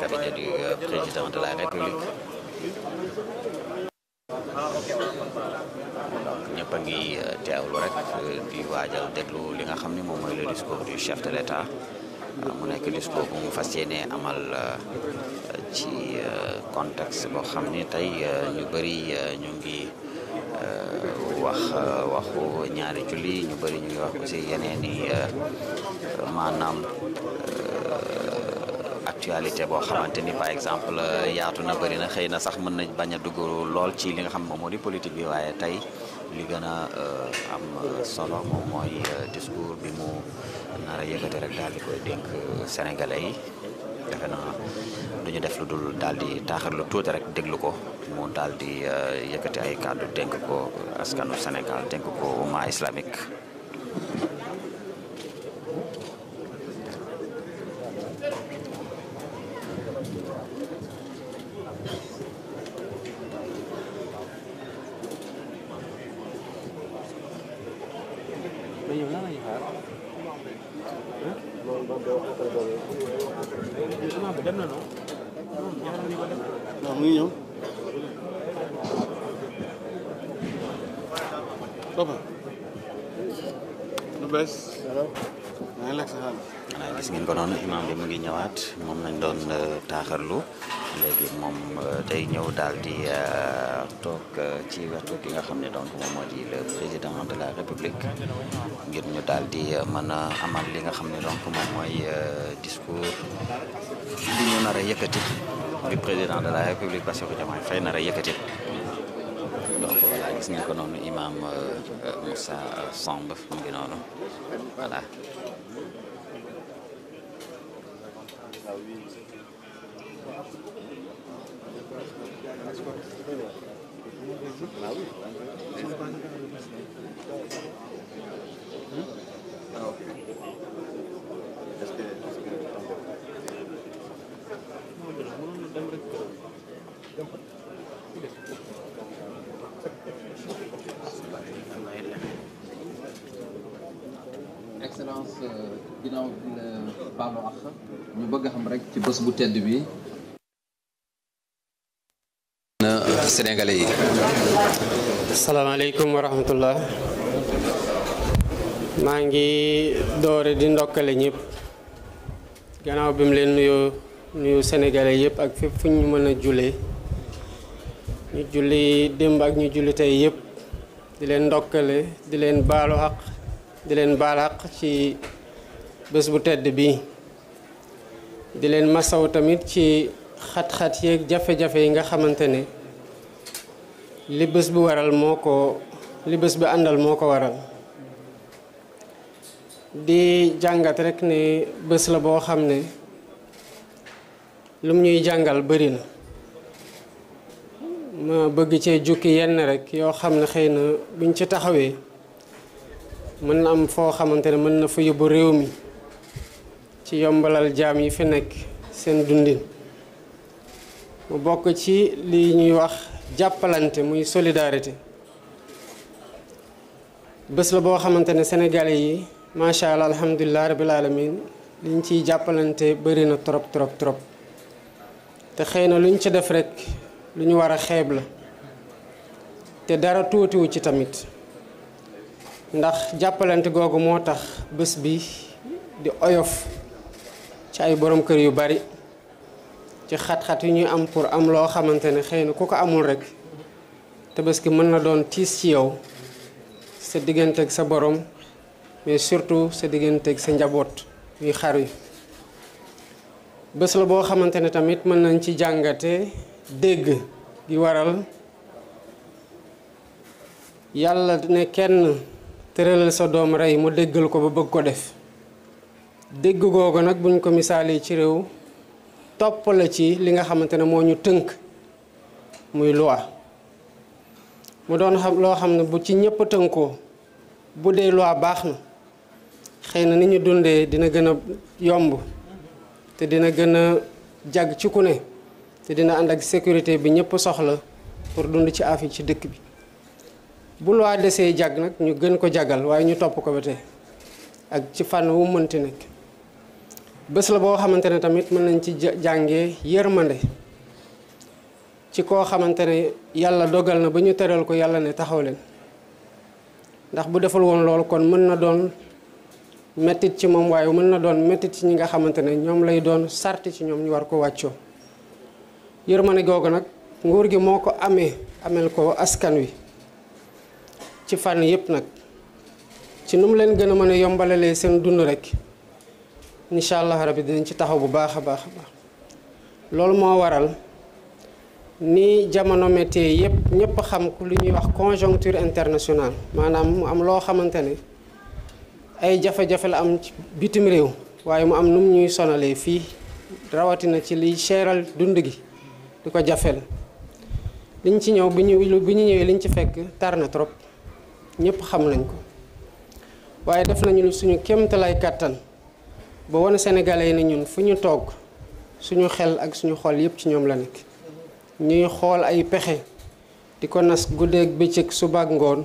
cabinet du eh, président de la République. donc ñëpp a ngi eh, teewlu rek eh, di waajal déglu li nga xam ni moom mooy le discours du chef de l'État ah, mu nekk discours bu mu fas yéene amal ci contexte boo xam ni tey ñu bari ñu ngi wax waxu ñaari julli ñu bëri ñu ngi wax aussi yeneen i maanaam. actualité boo xamante ni par exemple yaatu na bëri na xëy na sax mën nañ bañ a dugg lool ci li nga xam moom moo di politique bi waaye tey li gën a euh, am solo moom mooy euh, discours bi mu nar yëkkati rek daal di koy dénk sénégalais yi defe naa duñu def lu dul daal di taaxar tuuti rek déglu ko mu daal di euh, yëkkati ay kàddu dénk ko askanu Sénégal dénk ko umma islamique yow lan la ñuy xaar dem na non ngi ñëw papa lu bees gis ngeen ko noonu imam bi mu ngi ñëwaat moom lañ doon euh, taaxarlu léegi moom euh, day ñëw daal di euh, toog euh, ci wetu ki nga xam ne donc moom moo di le président de la république ngir ñu daal di mën a amal li nga xam ne donc moom mooy discours bi ñu nar a yëkkati bi président de la république Bassirou Diomaye Faye nar a yëkkati donc voilà gis nañ ko noonu imam Moussa Samb mu ngi noonu voilà. excellence euh, ginnaaw bi la baalu àq ñu bëgg a xam rek ci bés bu tedd bi sénégalais yi. salaamaaleykum wa maa ngi doore di ndokkale ñëpp gannaaw bi mu leen nuyoo nuyu sénégalais yëpp ak fépp fu ñu mën a jullee ñu julli démb ak ñu julli tey yëpp di leen ndokkale di leen baalu xaq di leen baal xaq ci bés bu tedd bi di leen masaw tamit ci xat-xat yeeg jafe-jafe yi nga xamante ne. li bés bi waral moo ko li bés bi àndal moo ko waral di jàngat rekk ni bés la boo xam ne lum ñuy jàngal bari na ma bëgg cee jukki yenn rekk yoo xam ne xëy na buñ ci taxawee mën na am foo xamante ne mën na fa yóbbu réew mi ci yombalal jaam yi fi nekk seen dundin mu bokk ci li ñuy wax jàppalante muy solidarité bés la boo xamante ne sénégalais yi macha allah alhamdulilah rabil alamin liñ ciy jàppalante bëri na trop trop trop te xëy na luñ ca def rekk lu ñu war a xeeb la te dara tuutiwu ci tamit ndax jàppalante googu moo tax bés bi di oyof ci ay boroom kër yu bari ci xat-xat yu ñuy am pour am loo xamante ne xëy na ku ko amul rek tabaski mën na doon tiis ci yow sa digganteeg sa boroom mais surtout sa digganteeg sa njaboot yuy xar yi bés la boo xamante ne tamit mën nañ ci jàngate dégg gi waral yàlla ne kenn tëralal sa doom rey mu déggal ko ba bëgg ko def dégg googu nag buñ ko misaalee ci réew topp la ci li nga xamante ne moo ñu tënk muy loi mu doon xam loo xam ne bu ci ñëpp tënkoo bu dee loi baax na xëy na ni ñu dundee dina gën a yomb te dina gën a jàgg ci ku ne te dina ànd ak sécurité bi ñëpp soxla pour dund ci affaire ci dëkk bi bu loi desee jàgg nag ñu gën ko jàggal waaye ñu topp ko ba ak ci fànn wu mënti nekk bés la boo xamante ne tamit mën nañ ci jàngee yërmande ci koo xamante ne yàlla dogal na ba ñu teral ko yàlla ne taxaw leen ndax bu deful woon loolu kon mën na doon mettit ci moom waaye mën na doon mettit ñi nga xamante ne ñoom lay doon sarti ci ñoom ñu war ko wàccoo yërmande googu nag nguur gi moo ko amee ameel ko askan wi ci fànn yépp nag ci nu mu leen gën a mën a yombalalee seen dund rek incha allah rabi dinañ ci taxaw bu baax a baax loolu moo waral ni jamono métier yépp ñépp xam ku li ñuy wax conjoncture internationale maanaam mu am loo xamante ne ay jafe-jafe la am ci bitim réew waaye mu am nu mu ñuy sonalee fii rawatina ci liy seeral dund gi di ko jafe la liñ ci ñëw bi ñu bi ñu ñëwee liñ ci fekk tar na trop ñépp xam nañ ko waaye def nañu suñu kéemtalaay kàttan ba wane sénégalais yi ne ñun fu ñu toog suñu xel ak suñu xool yépp ci ñoom la nekk ñuy xool ay pexe di ko nas guddeeg bëccëg suba ak ngoon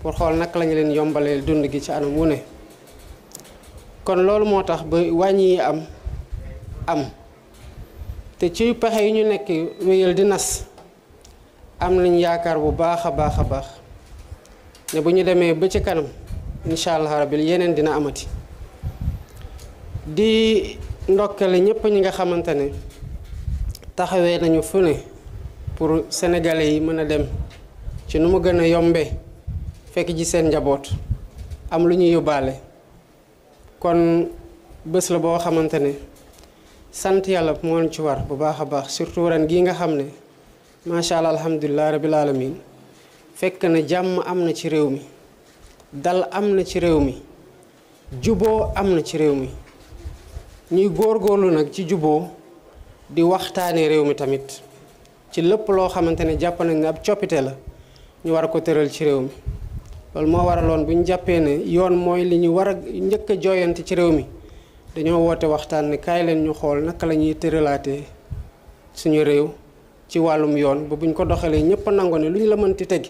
pour xool naka lañu leen yombalee dund gi ci anam wu ne kon loolu moo tax ba wàññi yi am am te ci pexe yi ñu nekk wéyal di nas am nañ yaakaar bu baax a baax a baax ne bu ñu demee ba ci kanam incha allah rabil yeneen dina amati di ndokkale ñëpp ñi nga xamante ne taxawee nañu fu ne pour sénégalais yi mën a dem ci nu mu gën a yombee fekk ji seen njaboot am lu ñuy yóbbaale kon bés la boo xamante ne sant yàlla moo ci war bu baax a baax surtout ren gii nga xam ne macha allah alhamdulilah rabil fekk na jàmm am na ci réew mi dal am na ci réew mi juboo am na ci réew mi. ñuy góorgóorlu nag ci juboo di waxtaanee réew mi tamit ci lëpp loo xamante ne jàpp nañ ne ab coppite la ñu war a ko tëral ci réew mi loolu moo waraloon bu ñu jàppee ne yoon mooy li ñu war a njëkk a jooyante ci réew mi dañoo woote waxtaan ne kaay leen ñu xool naka la ñuy tëralaatee suñu réew ci wàllum yoon ba buñ ko doxalee ñëpp nangu ne lu ñu la mënti teg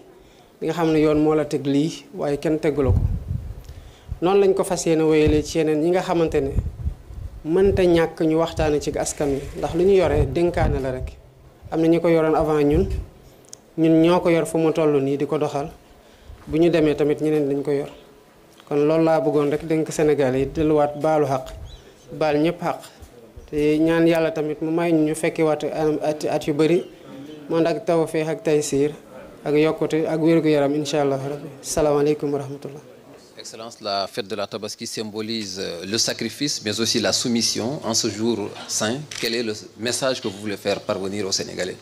di nga xam ne yoon moo la teg lii waaye kenn teggu ko noonu lañ ko fas yéene wéyalee ci yeneen ñi nga xamante ne mënta ñàkk ñu waxtaane ci askan wi ndax lu ñu yore dénkaane la rek am na ñu ko yoroon avant ñun ñun ñoo ko yor fu mu toll nii di ko doxal bu ñu demee tamit ñeneen dañ ko yor kon loolu laa bëggoon rek dénk Sénégal yi delluwaat baalu xaq baal ñëpp xaq te ñaan yàlla tamit mu may ñu fekki waat at at yu bëri man ak tawfeex ak taysiir ak yokkute ak wér yaram incha allah rabbi salaamaaleykum wa rahmatullah Excellences, la fête de la Tabaski symbolise euh, le sacrifice, mais la soumission en ce jour le message que vous voulez faire parvenir aux Sénégalais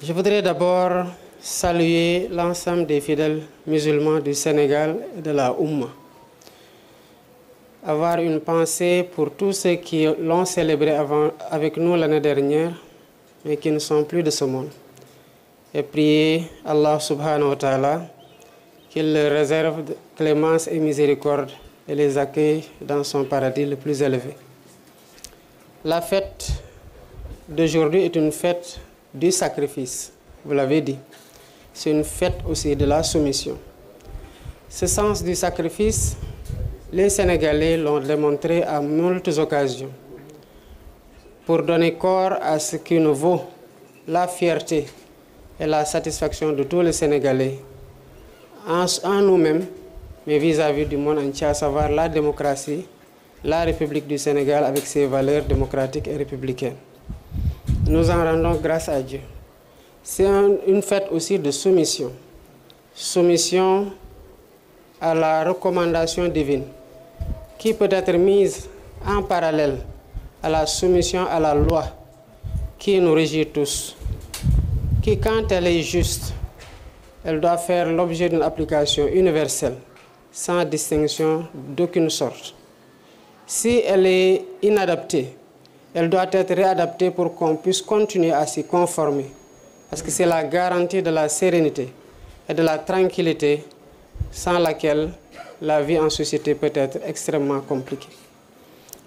Je voudrais d'abord saluer l'ensemble des fidèles musulmans du Sénégal et de la Oumma. Avoir une pensée pour tous ceux qui l'ont célébré avant, avec nous l'année dernière, mais qui ne sont plus de ce monde. Et prier Allah subhanahu wa ta'ala qu'il leur réserve et miséricorde et les accueille dans son paradis le plus élevé. La fête d'aujourd'hui est une fête du sacrifice, vous l'avez dit. C'est une fête aussi de la soumission. Ce sens du sacrifice, les Sénégalais l'ont démontré à multiples occasions pour donner corps à ce qui nous vaut la fierté et la satisfaction de tous les Sénégalais en, en nous-mêmes, mais vis-à-vis -vis du monde entier, à savoir la démocratie, la République du Sénégal avec ses valeurs démocratiques et républicaines. Nous en rendons grâce à Dieu. C'est une fête aussi de soumission. Soumission à la recommandation divine, qui peut être mise en parallèle à la soumission à la loi qui nous régit tous, qui quand elle est juste, elle doit faire l'objet d'une application universelle, sans distinction d'aucune sorte. Si elle est inadaptée, elle doit être réadaptée pour qu'on puisse continuer à s'y conformer, parce que c'est la garantie de la sérénité et de la tranquillité sans laquelle la vie en société peut être extrêmement compliquée.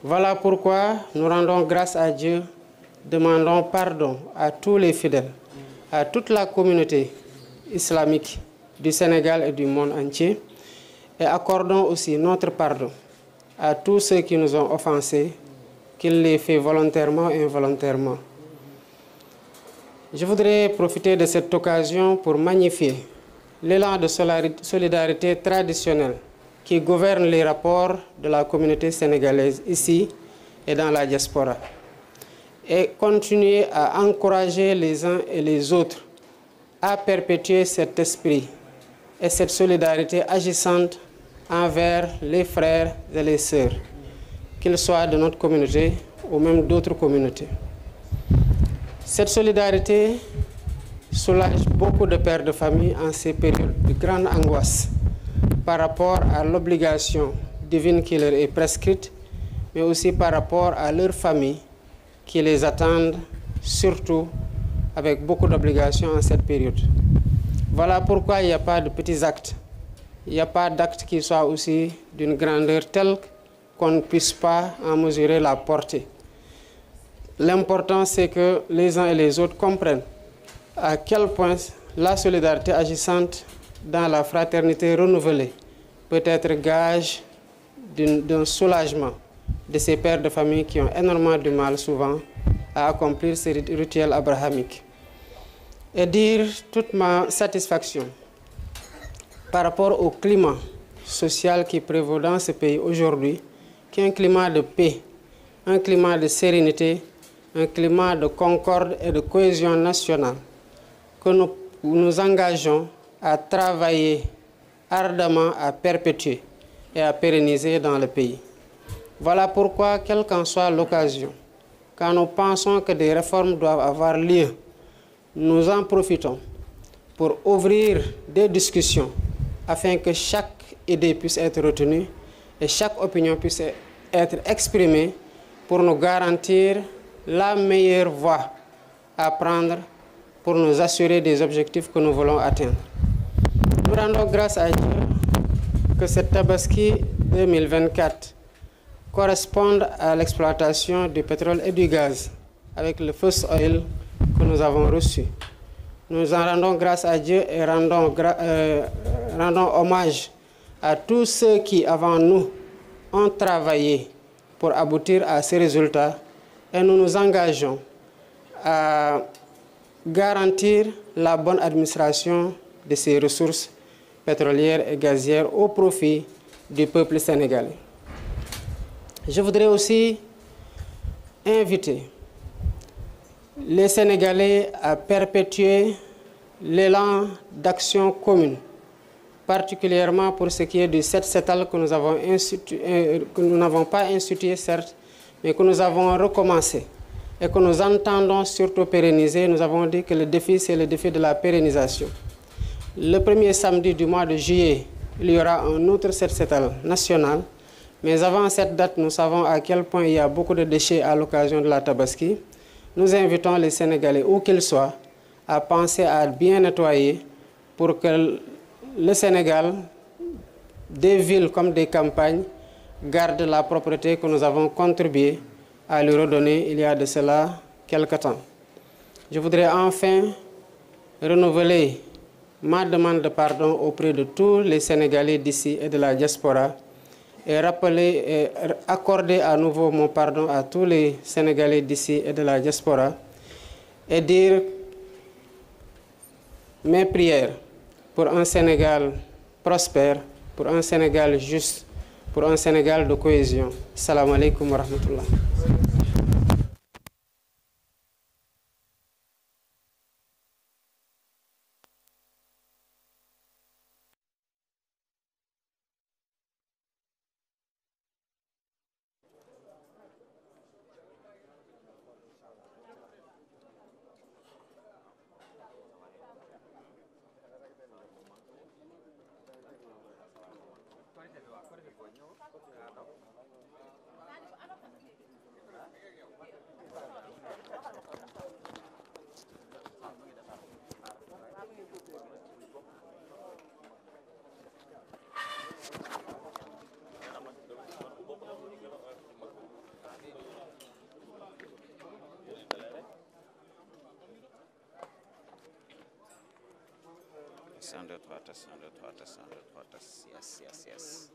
Voilà pourquoi nous rendons grâce à Dieu, demandons pardon à tous les fidèles, à toute la communauté islamique du Sénégal et du monde entier, et accordons aussi notre pardon à tous ceux qui nous ont offensés, qu'ils l'aient fait volontairement et involontairement. Je voudrais profiter de cette occasion pour magnifier l'élan de solidarité traditionnelle qui gouverne les rapports de la communauté sénégalaise ici et dans la diaspora, et continuer à encourager les uns et les autres à perpétuer cet esprit et cette solidarité agissante envers les frères et les sœurs, qu'ils soient de notre communauté ou même d'autres communautés. Cette solidarité soulage beaucoup de pères de famille en ces périodes de grande angoisse par rapport à l'obligation divine qui leur est prescrite, mais aussi par rapport à leurs familles qui les attendent, surtout avec beaucoup d'obligations en cette période. Voilà pourquoi il n'y a pas de petits actes. Il n'y a pas d'actes qui soient aussi d'une grandeur telle qu'on ne puisse pas en mesurer la portée. L'important, c'est que les uns et les autres comprennent à quel point la solidarité agissante dans la fraternité renouvelée peut être gage d'un soulagement de ces pères de famille qui ont énormément de mal souvent à accomplir ces rituels abrahamiques. et dire toute ma satisfaction par rapport au climat social qui prévaut dans ce pays aujourd'hui, qui est un climat de paix, un climat de sérénité, un climat de concorde et de cohésion nationale que nous engageons à travailler ardemment à perpétuer et à pérenniser dans le pays. Voilà pourquoi, quelle qu'en soit l'occasion, quand nous pensons que des réformes doivent avoir lieu, Nous en profitons pour ouvrir des discussions afin que chaque idée puisse être et chaque opinion puisse être exprimée pour nous garantir la meilleure voie à prendre pour nous assurer des objectifs que nous voulons atteindre. Nous rendons grâce à Dieu à l'exploitation du pétrole et avec le first oil que nous avons reçus. Nous en rendons grâce à Dieu et rendons, euh, rendons hommage à tous ceux qui, avant nous, ont travaillé pour aboutir à ces résultats et nous nous engageons à garantir la bonne administration de ces ressources pétrolières et gazières au profit du peuple sénégalais. Je voudrais aussi inviter les Sénégalais à perpétuer l'élan d'action commune, particulièrement pour ce qui est du 7-7 que nous avons institué, euh, que nous n'avons pas institué certes, mais que nous avons recommencé et que nous entendons surtout pérenniser. Nous avons dit que le défi, c'est le défi de la pérennisation. Le premier samedi du mois de juillet, il y aura un autre 7-7 national. Mais avant cette date, nous savons à quel point il y a beaucoup de déchets à l'occasion de la Tabaski. Nous invitons les Sénégalais, où qu'ils soient, à penser à bien nettoyer pour que le Sénégal, des villes comme des campagnes, garde la propreté que nous avons contribué à lui redonner il y a de cela quelque temps. Je voudrais enfin renouveler ma demande de pardon auprès de tous les Sénégalais d'ici et de la diaspora et rappeler et accorder à nouveau mon pardon à tous les Sénégalais d'ici et de la diaspora et dire mes prières pour un Sénégal prospère, pour un Sénégal juste, pour un Sénégal de cohésion. Salam alaikum wa test, one, Yes, yes, yes.